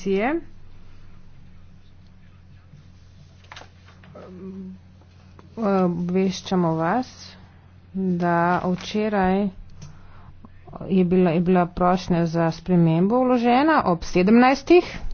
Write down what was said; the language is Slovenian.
komisije. Obveščamo vas, da včeraj je bila, je bila prošnja za spremembo vložena ob 17.